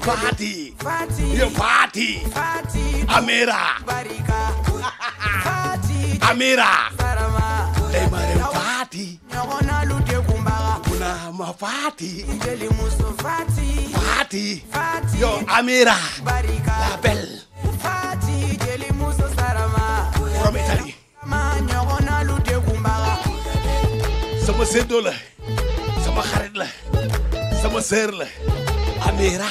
Party. Party. Yo, party. Party. Amira. Barika. Party. Amira. Sarama. Emare party. Nyona lude kumbaga. Kuna mafati. Njeli muso fati. Party. Party. Yo, Amira. Barika. La belle. Party. Njeli muso sarama. From Italy. Ma nyona kumbaga. Sama sedo la. Sama xarit la. Sama ser la. Amira.